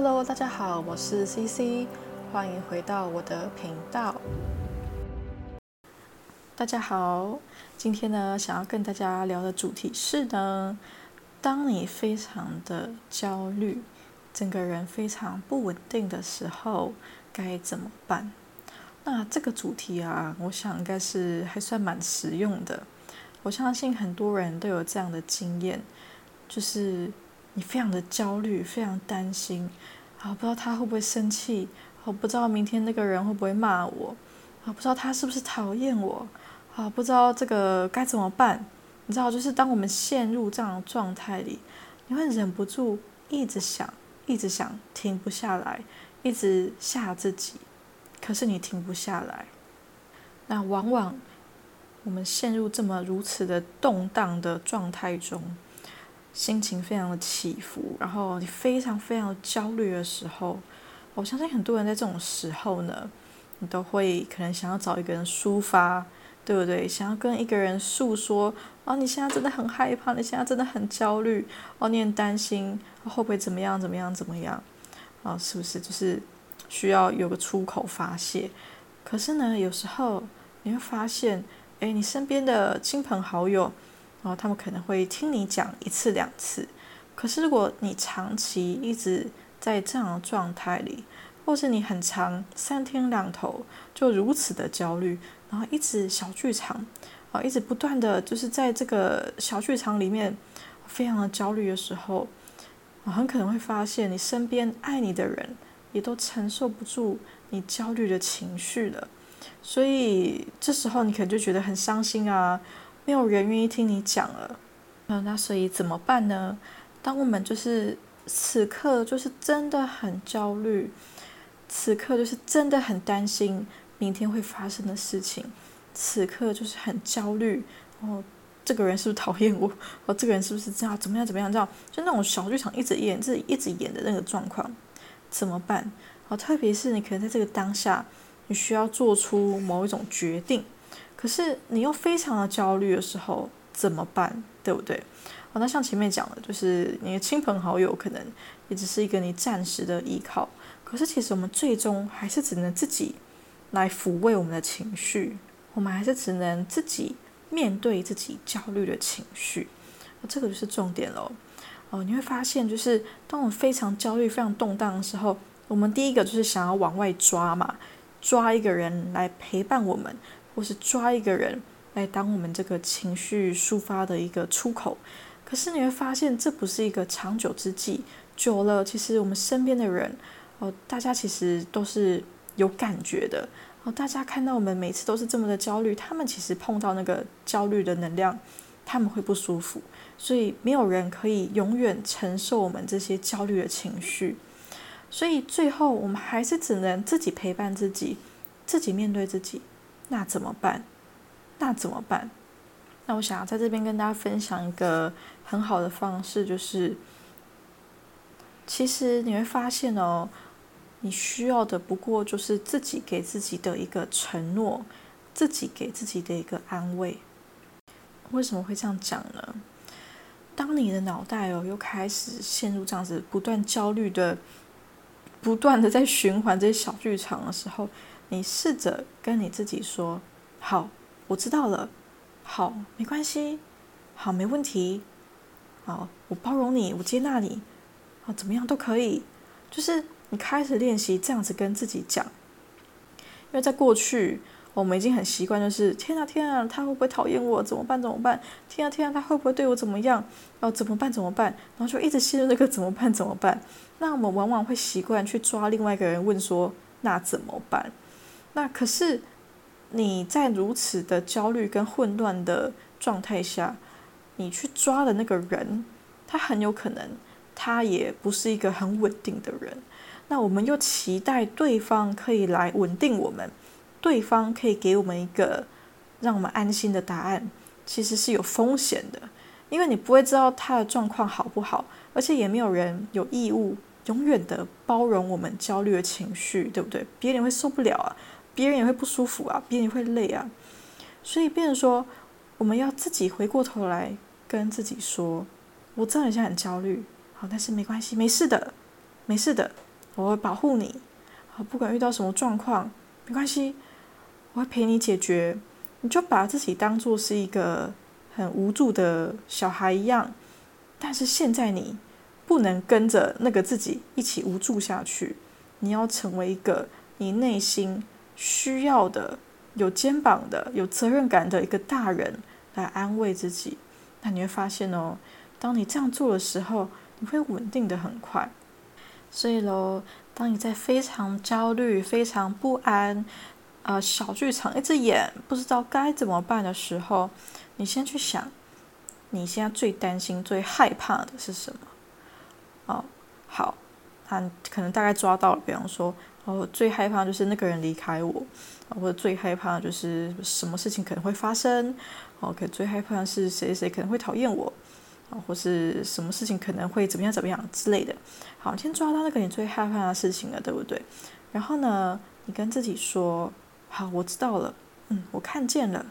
Hello，大家好，我是 CC，歡迎回到我的頻道。大家好，今天呢，想要跟大家聊的主題是呢，當你非常的焦慮，整個人非常不穩定的時候，該怎麼辦？那這個主題啊，我想應該是還算蠻實用的。我相信很多人都有這樣的經驗，就是。你非常的焦慮，非常擔心，啊，不知道他會不會生氣，啊，不知道明天那個人會不會罵我，啊，不知道他是不是討厭我，啊，不知道這個該怎麼辦？你知道，就是當我們陷入這樣的狀態裡，你會忍不住一直想，一直想，停不下來，一直嚇自己，可是你停不下來。那往往我們陷入這麼如此的動盪的狀態中。心情非常的起伏，然後你非常非常焦慮的時候，我相信很多人在這種時候呢，你都會可能想要找一個人抒發，對不對？想要跟一個人訴說，哦、啊，你現在真的很害怕，你現在真的很焦慮，哦、啊，你很擔心，啊、會不會怎麼樣怎麼樣怎麼樣，啊，是不是？就是需要有個出口發洩。可是呢，有時候你會發現，哎，你身邊的親朋好友。然後他們可能會聽你講一次兩次，可是如果你長期一直在這樣的狀態裡，或是你很長三天兩頭就如此的焦慮，然後一直小劇場，啊，一直不斷的就是在這個小劇場裡面非常的焦慮的時候，很可能會發現你身邊愛你的人也都承受不住你焦慮的情緒了，所以這時候你可能就覺得很傷心啊。沒有人願意聽你講了，嗯，那所以怎麼辦呢？當我們就是此刻就是真的很焦慮，此刻就是真的很擔心明天會發生的事情，此刻就是很焦慮。哦，這個人是不是討厭我？哦，這個人是不是這樣？怎麼樣？怎麼樣？這樣就那種小劇場一直演自己一直演的那個狀況，怎麼辦？哦，特別是你可能在這個當下，你需要做出某一種決定。可是你又非常的焦慮的時候怎麼辦？對不對？好，那像前面講的，就是你的親朋好友可能也只是一個你暫時的依靠。可是其實我們最終還是只能自己來撫慰我們的情緒，我們還是只能自己面對自己焦慮的情緒。這個就是重點嘍。哦，你會發現，就是當我們非常焦慮、非常動盪的時候，我們第一個就是想要往外抓嘛，抓一個人來陪伴我們。或是抓一個人來當我們這個情緒抒發的一個出口，可是你會發現這不是一個長久之計。久了，其實我們身邊的人，哦，大家其實都是有感覺的。哦，大家看到我們每次都是這麼的焦慮，他們其實碰到那個焦慮的能量，他們會不舒服。所以沒有人可以永遠承受我們這些焦慮的情緒。所以最後，我們還是只能自己陪伴自己，自己面對自己。那怎麼辦？那怎麼辦？那我想要在這邊跟大家分享一個很好的方式，就是，其實你會發現哦，你需要的不過就是自己給自己的一個承諾，自己給自己的一個安慰。為什麼會這樣講呢？當你的腦袋哦又開始陷入這樣子不斷焦慮的、不斷的在循環這些小劇場的時候，你試着跟你自己說：“好，我知道了。好，沒關係。好，沒問題。好，我包容你，我接納你。啊，怎麼樣都可以。就是你開始練習這樣子跟自己講，因為在過去我們已經很習慣，就是天啊天啊，他會不會討厭我？怎麼辦？怎麼辦？天啊天啊，他會不會對我怎麼樣？要怎麼辦？怎麼辦？然後就一直陷入那個怎麼辦？怎麼辦？那我們往往會習慣去抓另外一個人問說：那怎麼辦？”那可是你在如此的焦慮跟混亂的狀態下，你去抓的那個人，他很有可能他也不是一個很穩定的人。那我們又期待對方可以來穩定我們，對方可以給我們一個讓我們安心的答案，其實是有風險的，因為你不會知道他的狀況好不好，而且也沒有人有義務永遠的包容我們焦慮的情緒，對不對？別人會受不了啊。別人也會不舒服啊，別人也會累啊，所以變成說，我們要自己回過頭來跟自己說：“我真的現在很焦慮，好，但是沒關係，沒事的，沒事的，我會保護你。好，不管遇到什麼狀況，沒關係，我會陪你解決。你就把自己當做是一個很無助的小孩一樣，但是現在你不能跟着那個自己一起無助下去，你要成為一個你內心。”需要的有肩膀的、有責任感的一個大人來安慰自己，那你會發現哦，當你這樣做的時候，你會穩定得很快。所以嘍，當你在非常焦慮、非常不安、呃小劇場一直演，不知道該怎麼辦的時候，你先去想，你現在最擔心、最害怕的是什麼？哦，好，那可能大概抓到了，比方說。我最害怕，就是那個人離開我，我最害怕，就是什麼事情可能會發生，我可最害怕的是誰誰可能會討厭我，或是什麼事情可能會怎麼樣怎麼樣之類的。好，先抓到那個你最害怕的事情了，對不對？然後呢，你跟自己說，好，我知道了，嗯，我看見了，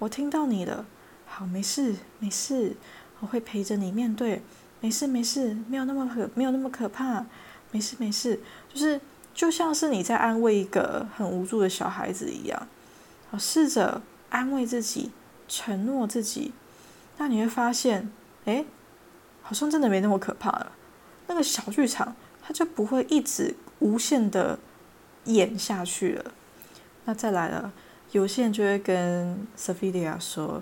我聽到你了，好，沒事，沒事，我會陪着你面對，沒事，沒事，沒有那麼可，沒有那麼可怕，沒事，沒事，就是。就像是你在安慰一個很無助的小孩子一樣，試着安慰自己，承諾自己，那你會發現，哎、欸，好像真的沒那麼可怕了。那個小劇場，它就不會一直無限的演下去了。那再來了，有些人就會跟 Sophia 說，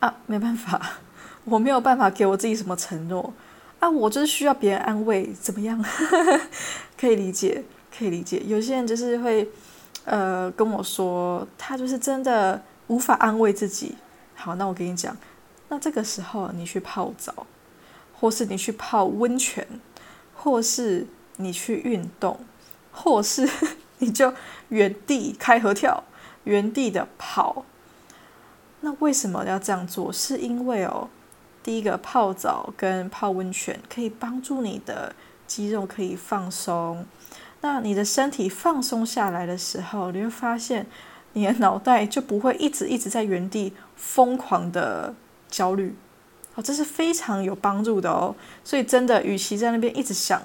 啊，沒辦法，我沒有辦法給我自己什麼承諾，啊，我就是需要別人安慰，怎麼樣？ 可以理解。可以理解，有些人就是會，呃，跟我說他就是真的無法安慰自己。好，那我跟你講，那這個時候你去泡澡，或是你去泡溫泉，或是你去運動，或是你就原地開合跳，原地的跑。那為什麼要這樣做？是因為哦，第一個泡澡跟泡溫泉可以幫助你的肌肉可以放鬆。那你的身體放鬆下來的時候，你會發現你的腦袋就不會一直一直在原地瘋狂的焦慮，哦，這是非常有幫助的哦。所以真的，與其在那邊一直想、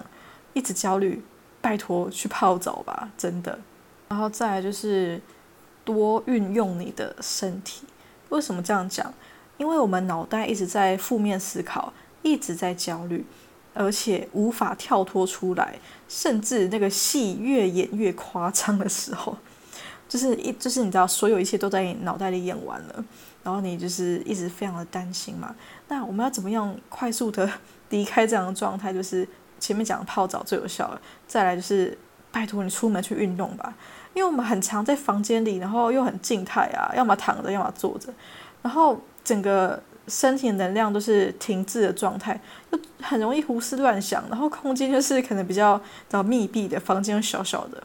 一直焦慮，拜託去泡澡吧，真的。然後再來就是多運用你的身體。為什麼這樣講？因為我們腦袋一直在負面思考，一直在焦慮。而且無法跳脫出來，甚至那個戲越演越誇張的時候，就是一就是你知道，所有一切都在你腦袋裡演完了，然後你就是一直非常的擔心嘛。那我們要怎麼樣快速的離開這樣的狀態？就是前面講的泡澡最有效了，再來就是拜託你出門去運動吧，因為我們很常在房間裡，然後又很靜態啊，要麼躺着，要麼坐着，然後整個。身體能量都是停滯的狀態，就很容易胡思亂想，然後空間就是可能比較比較密閉的房間，小小的，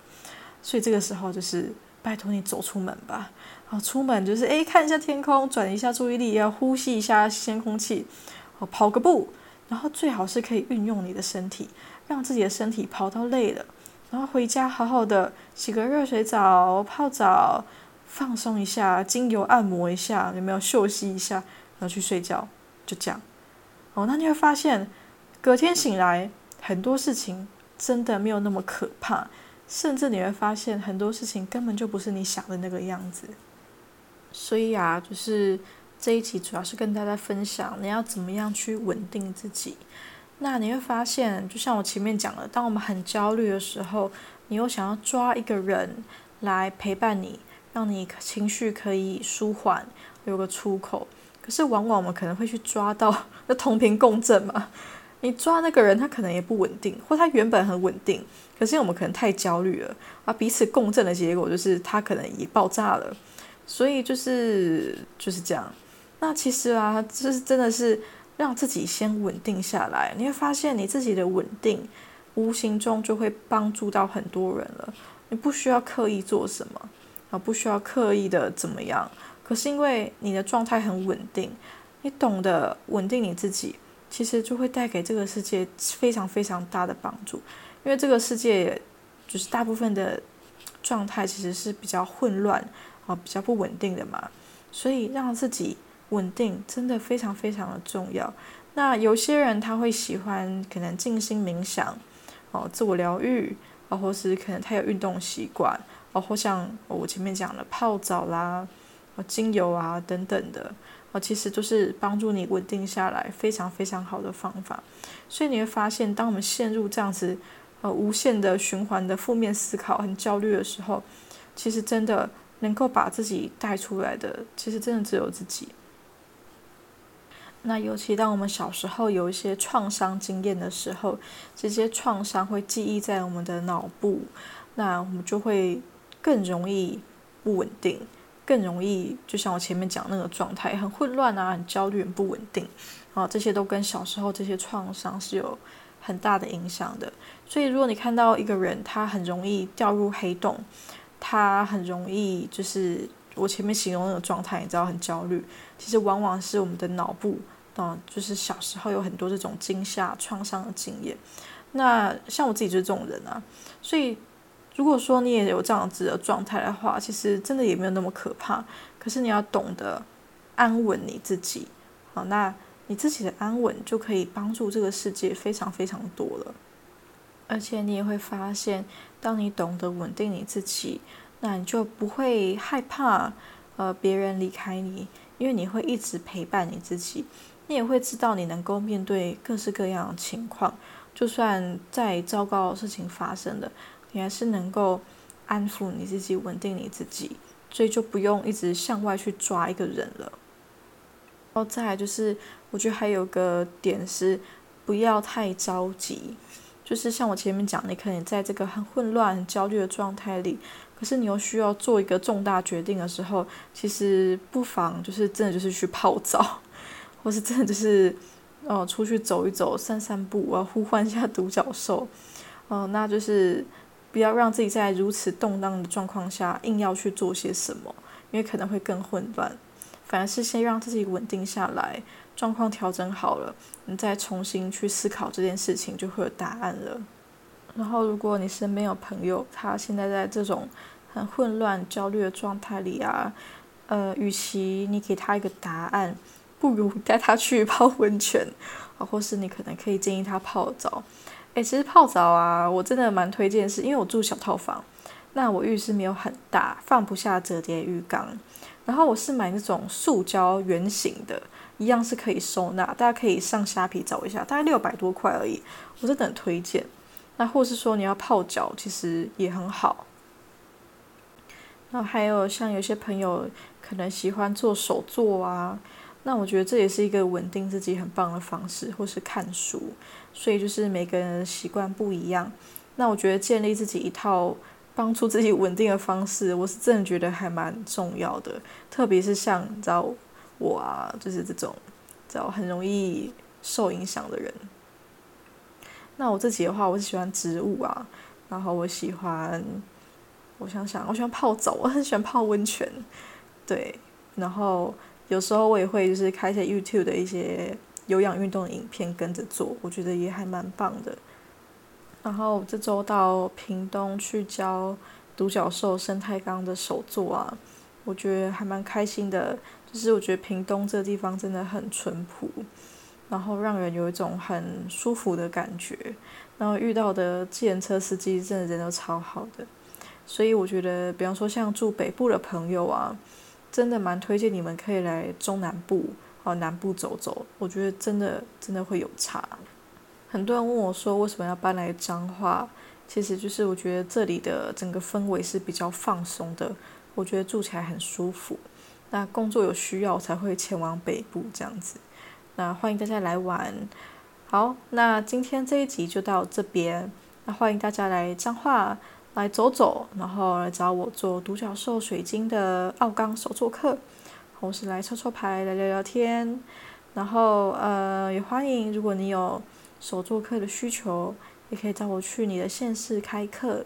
所以這個時候就是拜託你走出門吧。然後出門就是哎看一下天空，轉移一下注意力，要呼吸一下新鮮空氣，好，跑個步，然後最好是可以運用你的身體，讓自己的身體跑到累了，然後回家好好的洗個熱水澡、泡澡，放鬆一下，精油按摩一下，有沒有休息一下？要去睡覺，就這樣哦。那你會發現，隔天醒來很多事情真的沒有那麼可怕，甚至你會發現很多事情根本就不是你想的那個樣子。所以啊，就是這一集主要是跟大家分享你要怎麼樣去穩定自己。那你會發現，就像我前面講的，當我們很焦慮的時候，你又想要抓一個人來陪伴你，讓你情緒可以舒緩，有個出口。可是，往往我們可能會去抓到，那同頻共振嘛。你抓那個人，他可能也不穩定，或他原本很穩定，可是因為我們可能太焦慮了啊。彼此共振的結果就是他可能已爆炸了。所以就是就是這樣。那其實啊，這是真的是讓自己先穩定下來，你會發現你自己的穩定，無形中就會幫助到很多人了。你不需要刻意做什麼啊，不需要刻意的怎麼樣。是因為你的狀態很穩定，你懂得穩定你自己，其實就會帶給這個世界非常非常大的幫助。因為這個世界就是大部分的狀態其實是比較混亂啊，比較不穩定的嘛，所以讓自己穩定真的非常非常的重要。那有些人他會喜歡可能靜心冥想哦，自我療癒，或是可能他有運動習慣，包括像我前面講的泡澡啦。精油啊，等等的，哦，其實就是幫助你穩定下來，非常非常好的方法。所以你會發現，當我們陷入這樣子，呃，無限的循環的負面思考、很焦慮的時候，其實真的能夠把自己帶出來的，其實真的只有自己。那尤其當我們小時候有一些創傷經驗的時候，這些創傷會記憶在我們的腦部，那我們就會更容易不穩定。更容易，就像我前面講的那個狀態，很混亂啊，很焦慮，很不穩定，啊，這些都跟小時候這些創傷是有很大的影響的。所以，如果你看到一個人他很容易掉入黑洞，他很容易就是我前面形容那個狀態，你知道很焦慮，其實往往是我們的腦部，嗯、啊，就是小時候有很多這種驚嚇創傷的經驗。那像我自己就是這種人啊，所以。如果說你也有這樣子的狀態的話，其實真的也沒有那麼可怕。可是你要懂得安穩你自己，好，那你自己的安穩就可以幫助這個世界非常非常多了。而且你也會發現，當你懂得穩定你自己，那你就不會害怕呃別人離開你，因為你會一直陪伴你自己。你也會知道你能夠面對各式各樣的情況，就算再糟糕的事情發生了。你還是能夠安撫你自己，穩定你自己，所以就不用一直向外去抓一個人了。然後再來就是，我覺得還有一個點是不要太着急。就是像我前面講，你可能你在這個很混亂、很焦慮的狀態裡，可是你又需要做一個重大決定的時候，其實不妨就是真的就是去泡澡，或是真的就是哦、呃，出去走一走，散散步，啊呼喚一下獨角獸，哦、呃，那就是。不要讓自己在如此動盪的狀況下硬要去做些什麼，因為可能會更混亂。反而是先讓自己穩定下來，狀況調整好了，你再重新去思考這件事情就會有答案了。然後，如果你身邊有朋友，他現在在這種很混亂、焦慮的狀態裡啊，呃，與其你給他一個答案，不如帶他去泡溫泉啊，或是你可能可以建議他泡澡。欸，其實泡澡啊，我真的蠻推薦，是因為我住小套房，那我浴室沒有很大，放不下折疊浴缸，然後我是買那種塑膠圓形的，一樣是可以收納，大家可以上蝦皮找一下，大概六百多塊而已，我真的很推薦。那或是說你要泡腳，其實也很好。然後還有像有些朋友可能喜歡做手作啊，那我覺得這也是一個穩定自己很棒的方式，或是看書。所以就是每個人習慣不一樣，那我覺得建立自己一套幫助自己穩定的方式，我是真的覺得還蠻重要的。特別是像你知道我啊，就是這種知道很容易受影響的人。那我自己的話，我是喜歡植物啊，然後我喜歡，我想想，我喜歡泡澡，我很喜歡泡溫泉，對。然後有時候我也會就是開一些 YouTube 的一些。有氧運動的影片跟着做，我覺得也還蠻棒的。然後這週到屏東去教獨角獸生態缸的手作啊，我覺得還蠻開心的。就是我覺得屏東這個地方真的很淳樸，然後讓人有一種很舒服的感覺。然後遇到的自行車司機真的人都超好的，所以我覺得，比方說像住北部的朋友啊，真的蠻推薦你們可以來中南部。好南部走走，我覺得真的真的會有差。很多人問我說，為什麼要搬來彰化？其實就是我覺得這裡的整個氛圍是比較放鬆的，我覺得住起來很舒服。那工作有需要才會前往北部這樣子。那歡迎大家來玩。好，那今天這一集就到這邊。那歡迎大家來彰化來走走，然後來找我做獨角獸水晶的奧岡手作課。同時來抽抽牌，來聊聊天，然後呃，也歡迎，如果你有手作課的需求，也可以找我去你的縣市開課。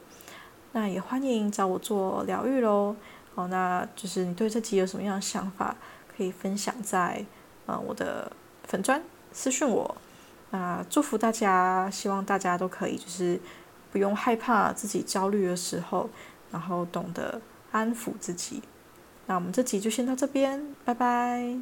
那也歡迎找我做療癒嘍。好，那就是你對這集有什麼樣的想法，可以分享在，呃，我的粉專私訊我。那祝福大家，希望大家都可以就是不用害怕自己焦慮的時候，然後懂得安撫自己。那我們這集就先到這邊，拜拜。